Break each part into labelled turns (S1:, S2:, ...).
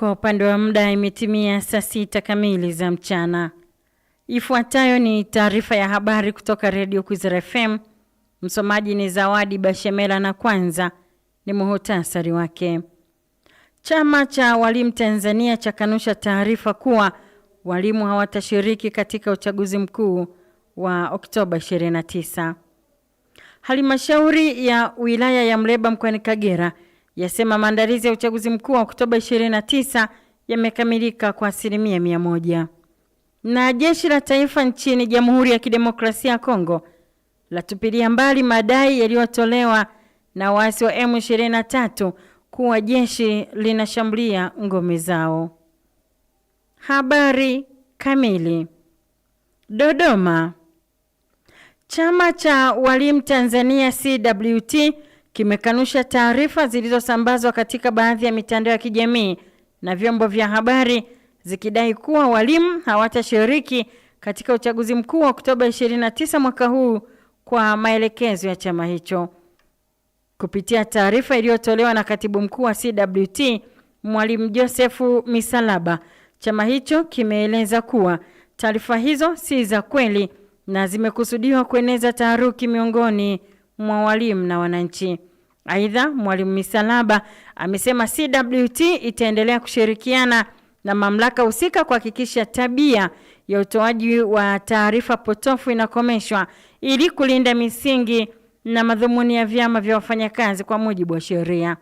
S1: Kwa upande wa muda imetimia saa sita kamili za mchana. Ifuatayo ni taarifa ya habari kutoka Redio Kwizera FM. Msomaji ni Zawadi Bashemela na kwanza ni muhutasari wake. Chama cha walimu Tanzania chakanusha taarifa kuwa walimu hawatashiriki katika uchaguzi mkuu wa Oktoba 29. Halmashauri ya wilaya ya Mleba mkoani Kagera yasema maandalizi ya uchaguzi mkuu wa Oktoba 29 yamekamilika kwa asilimia mia moja. Na jeshi la taifa nchini Jamhuri ya Kidemokrasia ya Kongo latupilia mbali madai yaliyotolewa na waasi wa M23 kuwa jeshi linashambulia ngome zao. Habari kamili. Dodoma. Chama cha Walimu Tanzania CWT kimekanusha taarifa zilizosambazwa katika baadhi ya mitandao ya kijamii na vyombo vya habari zikidai kuwa walimu hawatashiriki katika uchaguzi mkuu wa Oktoba 29 mwaka huu kwa maelekezo ya chama hicho. Kupitia taarifa iliyotolewa na katibu mkuu wa CWT Mwalimu Josefu Misalaba, chama hicho kimeeleza kuwa taarifa hizo si za kweli na zimekusudiwa kueneza taharuki miongoni mwa walimu na wananchi. Aidha, Mwalimu Misalaba amesema CWT itaendelea kushirikiana na mamlaka husika kuhakikisha tabia ya utoaji wa taarifa potofu inakomeshwa ili kulinda misingi na madhumuni ya vyama vya wafanyakazi kwa mujibu wa sheria.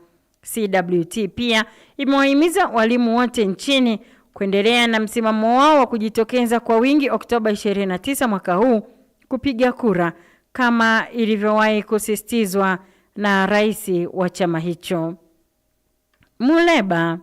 S1: CWT pia imewahimiza walimu wote nchini kuendelea na msimamo wao wa kujitokeza kwa wingi Oktoba 29 mwaka huu kupiga kura kama ilivyowahi kusisitizwa na rais wa chama hicho. Muleba.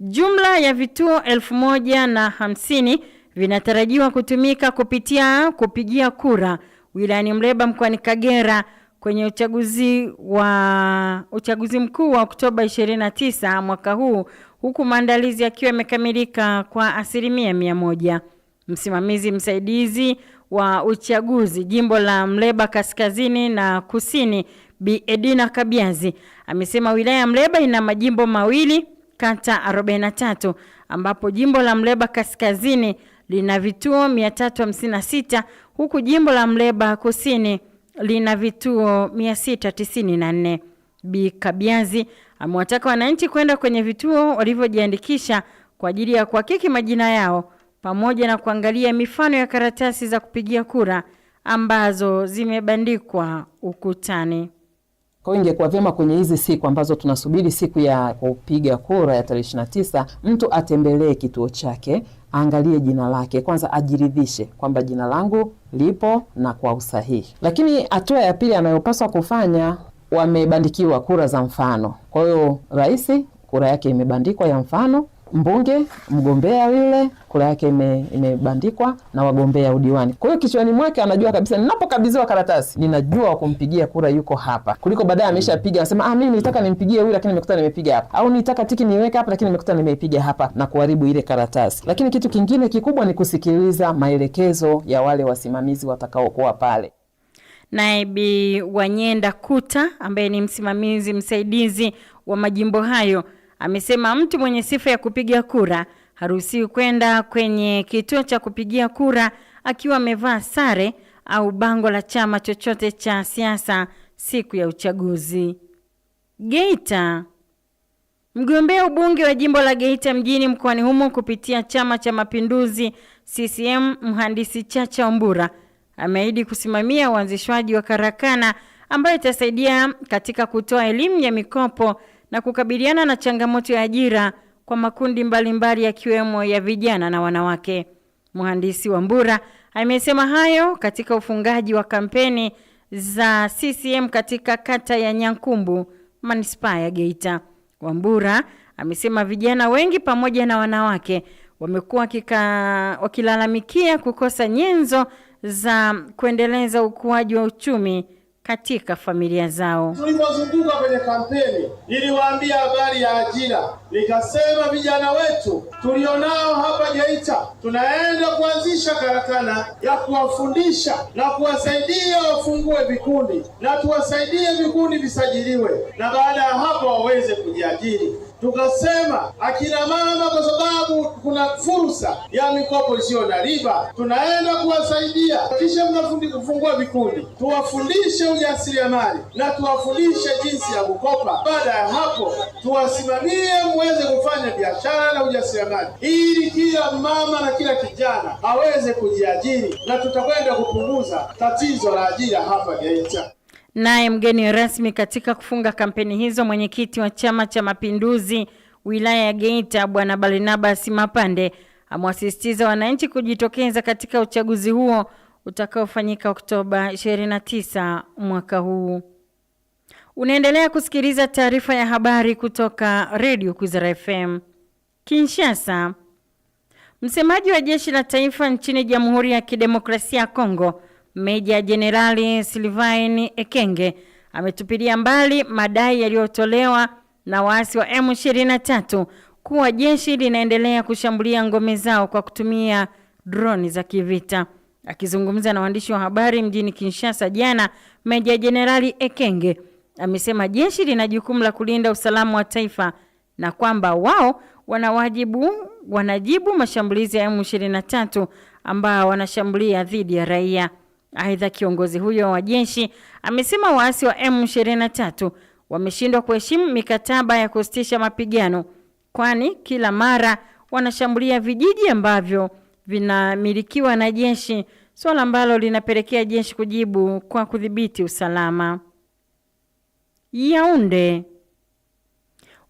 S1: Jumla ya vituo elfu moja na hamsini vinatarajiwa kutumika kupitia kupigia kura wilayani Muleba mkoani Kagera kwenye uchaguzi wa uchaguzi mkuu wa Oktoba 29 mwaka huu huku maandalizi yakiwa yamekamilika kwa asilimia mia moja. Msimamizi msaidizi wa uchaguzi jimbo la Mleba kaskazini na kusini, Bi Edina Kabiazi amesema wilaya ya Mleba ina majimbo mawili kata 43 ambapo jimbo la Mleba kaskazini lina vituo 356 huku jimbo la Mleba kusini lina vituo 694. Bi Kabiazi amewataka wananchi kwenda kwenye vituo walivyojiandikisha kwa ajili ya kuhakiki majina yao pamoja na kuangalia mifano ya karatasi za kupigia kura ambazo zimebandikwa ukutani.
S2: Kwa hiyo ingekuwa vyema kwenye hizi siku ambazo tunasubiri siku ya kupiga kura ya tarehe 29, mtu atembelee kituo chake, aangalie jina lake kwanza, ajiridhishe kwamba jina langu lipo na kwa usahihi. Lakini hatua ya pili anayopaswa kufanya, wamebandikiwa kura za mfano. Kwa hiyo rais kura yake imebandikwa ya mfano mbunge mgombea yule kura yake imebandikwa ime na wagombea udiwani. Kwa hiyo kichwani mwake anajua kabisa, ninapokabidhiwa karatasi ninajua wa kumpigia kura yuko hapa, kuliko baadaye ameshapiga anasema, ah, mimi nilitaka nimpigie huyu lakini nimekuta nimepiga hapa, au nilitaka tiki niweke hapa lakini nimekuta nimeipiga hapa, na kuharibu ile karatasi. Lakini kitu kingine kikubwa ni kusikiliza maelekezo ya wale wasimamizi watakaokuwa pale.
S1: Naye Bi Wanyenda Kuta ambaye ni msimamizi msaidizi wa majimbo hayo amesema mtu mwenye sifa ya kupiga kura haruhusiwi kwenda kwenye kituo cha kupigia kura akiwa amevaa sare au bango la chama chochote cha siasa siku ya uchaguzi. Geita. Mgombea ubunge wa jimbo la Geita mjini mkoani humo kupitia Chama cha Mapinduzi CCM Mhandisi Chacha Ombura ameahidi kusimamia uanzishwaji wa karakana ambayo itasaidia katika kutoa elimu ya mikopo na kukabiliana na changamoto ya ajira kwa makundi mbalimbali yakiwemo ya vijana na wanawake. Mhandisi Wambura amesema hayo katika ufungaji wa kampeni za CCM katika kata ya Nyankumbu, manispaa ya Geita. Wambura amesema vijana wengi pamoja na wanawake wamekuwa wakilalamikia kukosa nyenzo za kuendeleza ukuaji wa uchumi katika familia zao.
S3: Tulipozunguka kwenye kampeni, niliwaambia habari ya ajira, nikasema vijana wetu tulionao hapa Geita tunaenda kuanzisha karakana ya kuwafundisha na kuwasaidia wafungue vikundi na tuwasaidie vikundi visajiliwe, na baada ya hapo waweze kujiajiri. Tukasema akina mama, kwa sababu fursa ya mikopo isiyo na riba, tunaenda kuwasaidia. Kisha mnafundi kufungua vikundi, tuwafundishe ujasiriamali na tuwafundishe jinsi ya kukopa. Baada ya hapo, tuwasimamie muweze kufanya biashara na ujasiriamali, ili kila mama na kila kijana aweze kujiajiri, na tutakwenda kupunguza tatizo la ajira hapa Geita.
S1: Naye mgeni rasmi katika kufunga kampeni hizo, mwenyekiti wa Chama cha Mapinduzi wilaya ya Geita Bwana Barnabas Mapande amwasisitiza wananchi kujitokeza katika uchaguzi huo utakaofanyika Oktoba 29 mwaka huu. Unaendelea kusikiliza taarifa ya habari kutoka Redio Kwizera FM. Kinshasa, msemaji wa jeshi la taifa nchini Jamhuri ya Kidemokrasia ya Kongo Meja Jenerali Sylvain Ekenge ametupilia mbali madai yaliyotolewa na waasi wa M23 kuwa jeshi linaendelea kushambulia ngome zao kwa kutumia droni za kivita. Akizungumza na waandishi wa habari mjini Kinshasa jana, Meja Jenerali Ekenge amesema jeshi lina jukumu la kulinda usalama wa taifa na kwamba wao wajibu, wanajibu mashambulizi ya M23 ambao wanashambulia dhidi ya raia. Aidha, kiongozi huyo wa jeshi amesema waasi wa M23 wameshindwa kuheshimu mikataba ya kusitisha mapigano, kwani kila mara wanashambulia vijiji ambavyo vinamilikiwa na jeshi, suala ambalo linapelekea jeshi kujibu kwa kudhibiti usalama. Yaunde,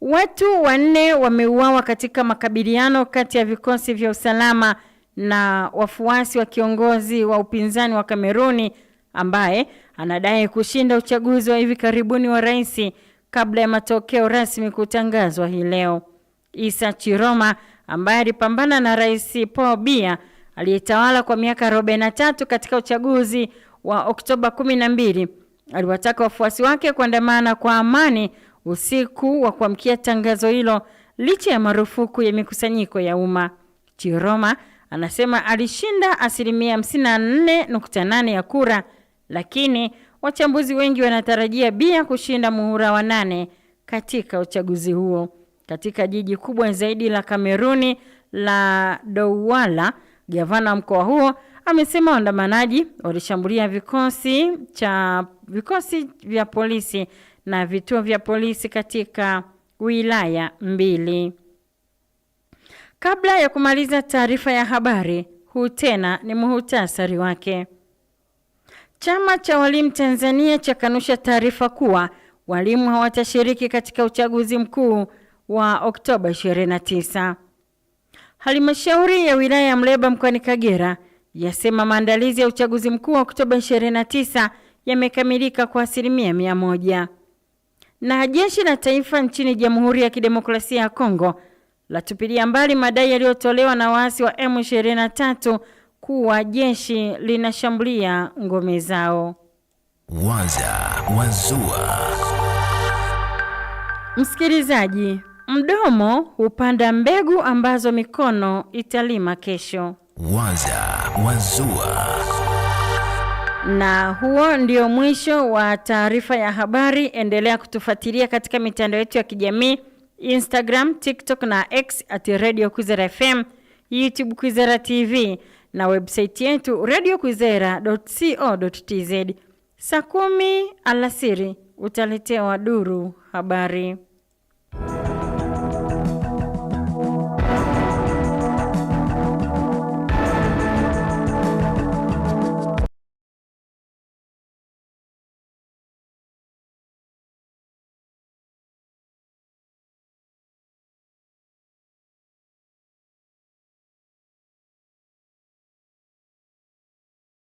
S1: watu wanne wameuawa katika makabiliano kati ya vikosi vya usalama na wafuasi wa kiongozi wa upinzani wa Kameruni ambaye anadai kushinda uchaguzi wa hivi karibuni wa rais kabla ya matokeo rasmi kutangazwa hii leo. Isa Chiroma ambaye alipambana na Rais Paul Biya aliyetawala kwa miaka 43 katika uchaguzi wa Oktoba 12 aliwataka wafuasi wake kuandamana kwa amani usiku wa kuamkia tangazo hilo licha ya marufuku ya mikusanyiko ya umma. Chiroma anasema alishinda asilimia 54.8 ya kura lakini wachambuzi wengi wanatarajia Biya kushinda muhura wa nane katika uchaguzi huo. Katika jiji kubwa zaidi la Kameruni la Douala, gavana mkoa huo amesema waandamanaji walishambulia vikosi cha vikosi vya polisi na vituo vya polisi katika wilaya mbili. Kabla ya kumaliza taarifa ya habari, huu tena ni muhutasari wake. Chama cha walimu Tanzania chakanusha taarifa kuwa walimu hawatashiriki katika uchaguzi mkuu wa Oktoba 29. Halmashauri ya wilaya ya Mleba mkoani Kagera yasema maandalizi ya uchaguzi mkuu wa Oktoba 29 yamekamilika kwa asilimia mia moja. Na jeshi la taifa nchini Jamhuri ya Kidemokrasia ya Kongo latupilia mbali madai yaliyotolewa na waasi wa M23 kuwa jeshi linashambulia ngome zao.
S4: Waza Wazua.
S1: Msikilizaji, mdomo hupanda mbegu ambazo mikono italima kesho.
S4: Waza Wazua.
S1: Na huo ndio mwisho wa taarifa ya habari. Endelea kutufuatilia katika mitandao yetu ya kijamii Instagram, TikTok na X at Radio Kwizera FM. YouTube Kwizera TV na website yetu radiokwizera.co.tz. Saa kumi alasiri utaletewa duru habari.